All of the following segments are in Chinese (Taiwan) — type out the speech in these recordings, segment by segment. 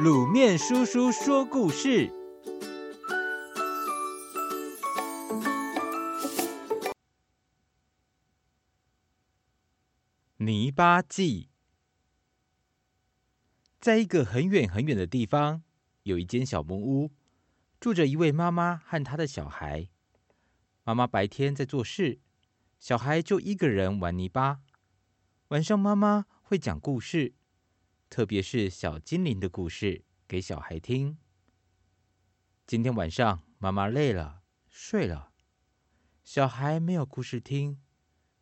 滷麵叔叔說故事：泥巴記。在一個很遠很遠的地方，有一間小木屋，住着一位媽媽和她的小孩。媽媽白天在做事，小孩就一個人玩泥巴。晚上，媽媽會講故事。特別是小精靈的故事給小孩聽。今天晚上媽媽累了，睡了，小孩沒有故事聽，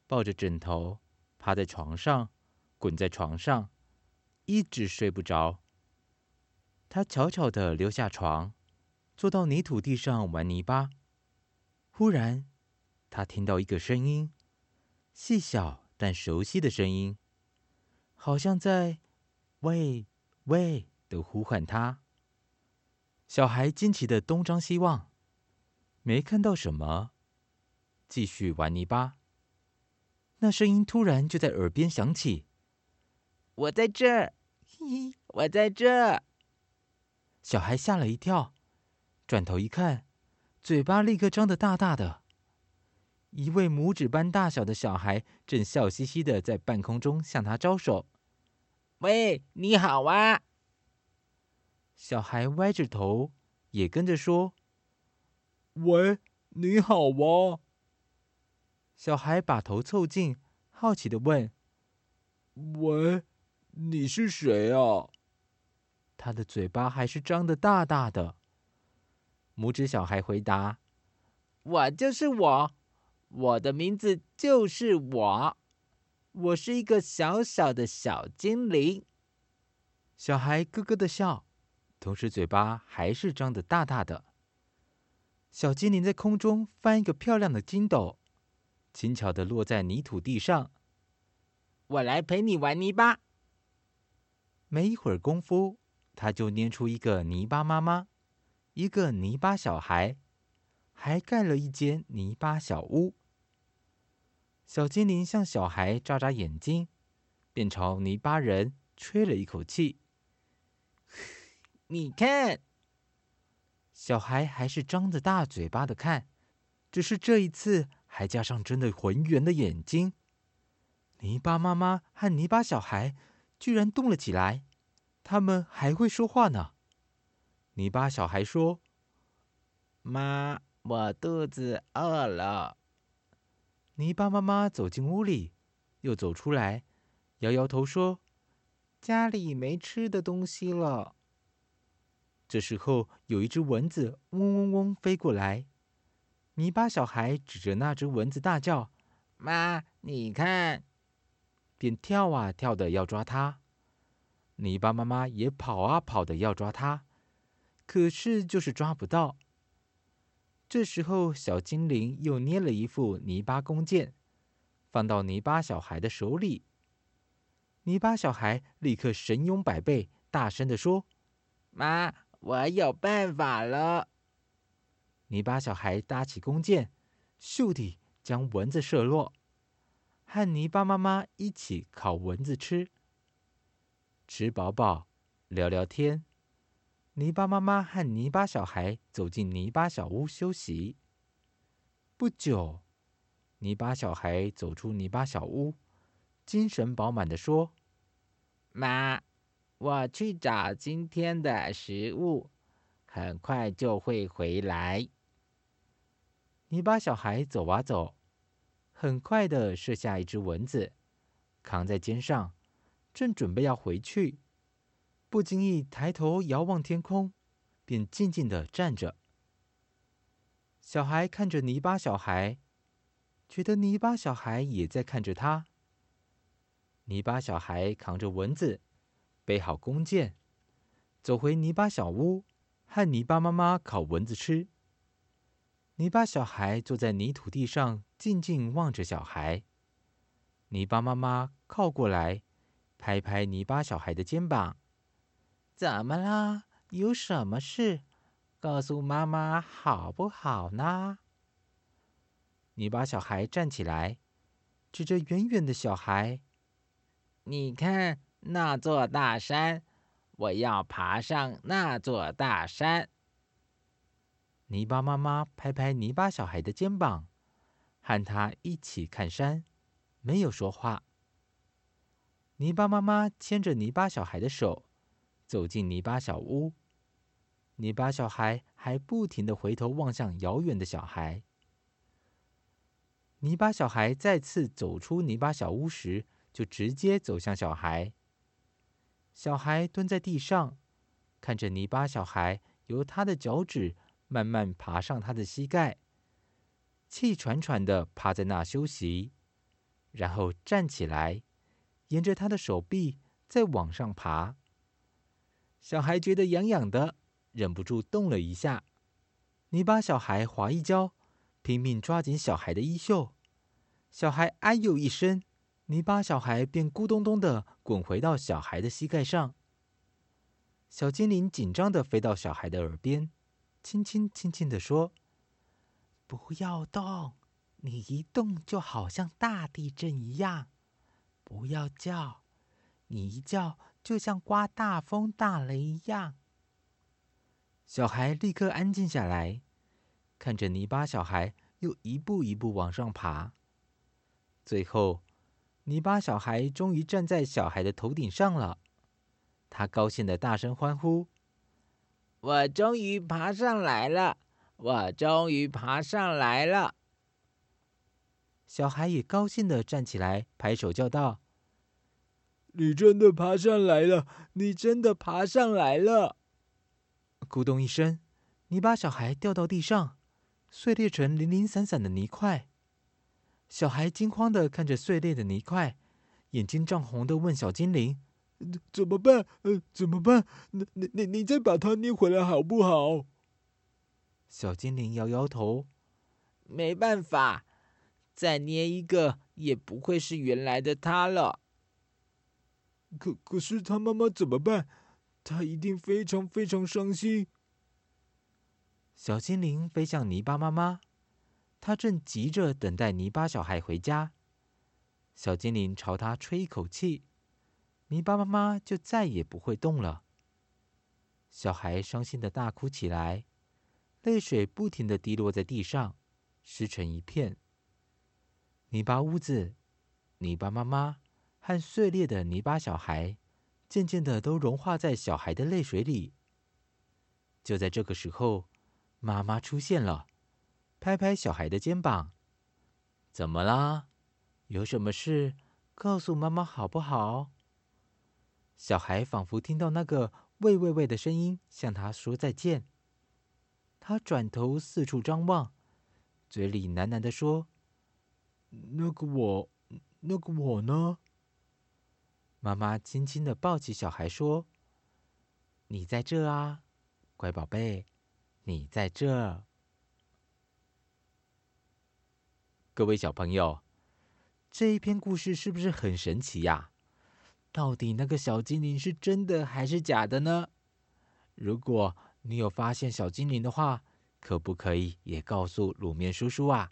抱着枕頭，趴在床上，滾在床上，一直睡不着。他悄悄地溜下床，坐到泥土地上玩泥巴。忽然，他聽到一個聲音，細小但熟悉的聲音，好像在……喂，喂！的呼喚他。小孩驚奇地東張西望，沒看到什麼，繼續玩泥巴。那聲音突然就在耳邊響起：“我在這兒，嘿，嘿，我在這兒。”小孩嚇了一跳，轉頭一看，嘴巴立刻張得大大的。一位拇指般大小的小孩正笑嘻嘻地在半空中向他招手。喂，你好啊！小孩歪着頭，也跟着說：“喂，你好啊！”小孩把頭湊近，好奇地問：“喂，你是誰啊？”他的嘴巴還是張得大大的。拇指小孩回答：“我就是我，我的名字就是我。”我是一個小小的小精靈。小孩咯咯的笑，同時嘴巴還是張得大大的。小精靈在空中翻一個漂亮的筋斗，輕巧地落在泥土地上。我來陪你玩泥巴。沒一會兒功夫，他就捏出一個泥巴媽媽，一個泥巴小孩，還蓋了一間泥巴小屋。小精靈向小孩眨眨眼睛，便朝泥巴人吹了一口氣。你看，小孩還是張着大嘴巴的看，只是這一次還加上睜得渾圓的眼睛。泥巴媽媽和泥巴小孩居然動了起來，他們還會說話呢。泥巴小孩說：“媽，我肚子餓了。”泥巴媽媽走進屋裡，又走出來，搖搖頭說：“家裡沒吃的東西了。”這時候，有一隻蚊子嗡嗡嗡飛過來，泥巴小孩指着那隻蚊子大叫：“媽，你看！”便跳啊跳的要抓它，泥巴媽媽也跑啊跑的要抓它，可是就是抓不到。這時候，小精靈又捏了一副泥巴弓箭，放到泥巴小孩的手裡。泥巴小孩立刻神勇百倍，大聲地說：“媽，我有辦法了！”泥巴小孩搭起弓箭，咻地將蚊子射落，和泥巴媽媽一起烤蚊子吃，吃飽飽，聊聊天。泥巴媽媽和泥巴小孩走進泥巴小屋休息。不久，泥巴小孩走出泥巴小屋，精神飽滿地說：“媽，我去找今天的食物，很快就會回來。”泥巴小孩走啊走，很快地射下一隻蚊子，扛在肩上，正準備要回去。不經意抬頭遙望天空，便靜靜地站着。小孩看着泥巴小孩，覺得泥巴小孩也在看着他。泥巴小孩扛着蚊子，背好弓箭，走回泥巴小屋，和泥巴媽媽烤蚊子吃。泥巴小孩坐在泥土地上，靜靜望着小孩。泥巴媽媽靠過來，拍拍泥巴小孩的肩膀。怎麼了？有什麼事？告訴媽媽好不好呢？泥巴小孩站起來，指着遠遠的小孩：“你看那座大山，我要爬上那座大山。”泥巴媽媽拍拍泥巴小孩的肩膀，和他一起看山，沒有說話。泥巴媽媽牽着泥巴小孩的手。走進泥巴小屋，泥巴小孩還不停的回頭望向遙遠的小孩。泥巴小孩再次走出泥巴小屋時，就直接走向小孩。小孩蹲在地上，看着泥巴小孩由他的腳趾，慢慢爬上他的膝蓋，氣喘喘的趴在那休息，然後站起來，沿着他的手臂再往上爬。小孩覺得癢癢的，忍不住動了一下，泥巴小孩滑一跤，拼命抓緊小孩的衣袖，小孩哎呦一聲，泥巴小孩便咕咚咚的滾回到小孩的膝蓋上。小精靈緊張地飛到小孩的耳邊，輕輕輕輕輕地說：“不要動，你一動就好像大地震一樣；不要叫，你一叫。”就像刮大風、大雷一樣，小孩立刻安靜下來，看着泥巴小孩又一步一步往上爬。最後，泥巴小孩終於站在小孩的頭頂上了，他高興地大聲歡呼：“我終於爬上來了！我終於爬上來了！”小孩也高興地站起來，拍手叫道。你真的爬上來了！你真的爬上來了！咕咚一聲，泥巴小孩掉到地上，碎裂成零零散散的泥塊。小孩驚慌的看着碎裂的泥塊，眼睛漲紅的問小精靈：“嗯、怎麼辦？呃、嗯，怎麼辦？你你你你再把它捏回來好不好？”小精靈搖搖頭：“沒辦法，再捏一個也不會是原來的它了。”可可是，他媽媽怎麼辦？他一定非常非常傷心。小精靈飛向泥巴媽媽，他正急着等待泥巴小孩回家。小精靈朝他吹一口氣，泥巴媽媽就再也不會動了。小孩傷心的大哭起來，淚水不停的滴落在地上，濕成一片。泥巴屋子，泥巴媽媽。和碎裂的泥巴小孩漸漸的都融化在小孩的淚水裡。就在這個時候，媽媽出現了，拍拍小孩的肩膀：“怎麼啦？有什麼事？告訴媽媽好不好？”小孩仿佛聽到那個“喂喂喂”的聲音，向他說再見。他轉頭四處張望，嘴裡喃喃地說：“那個我，那個我呢？”媽媽輕輕地抱起小孩說，說：“你在這啊，乖寶貝，你在這。”各位小朋友，這一篇故事是不是很神奇呀、啊？到底那個小精靈是真的還是假的呢？如果你有發現小精靈的話，可不可以也告訴滷麵叔叔啊？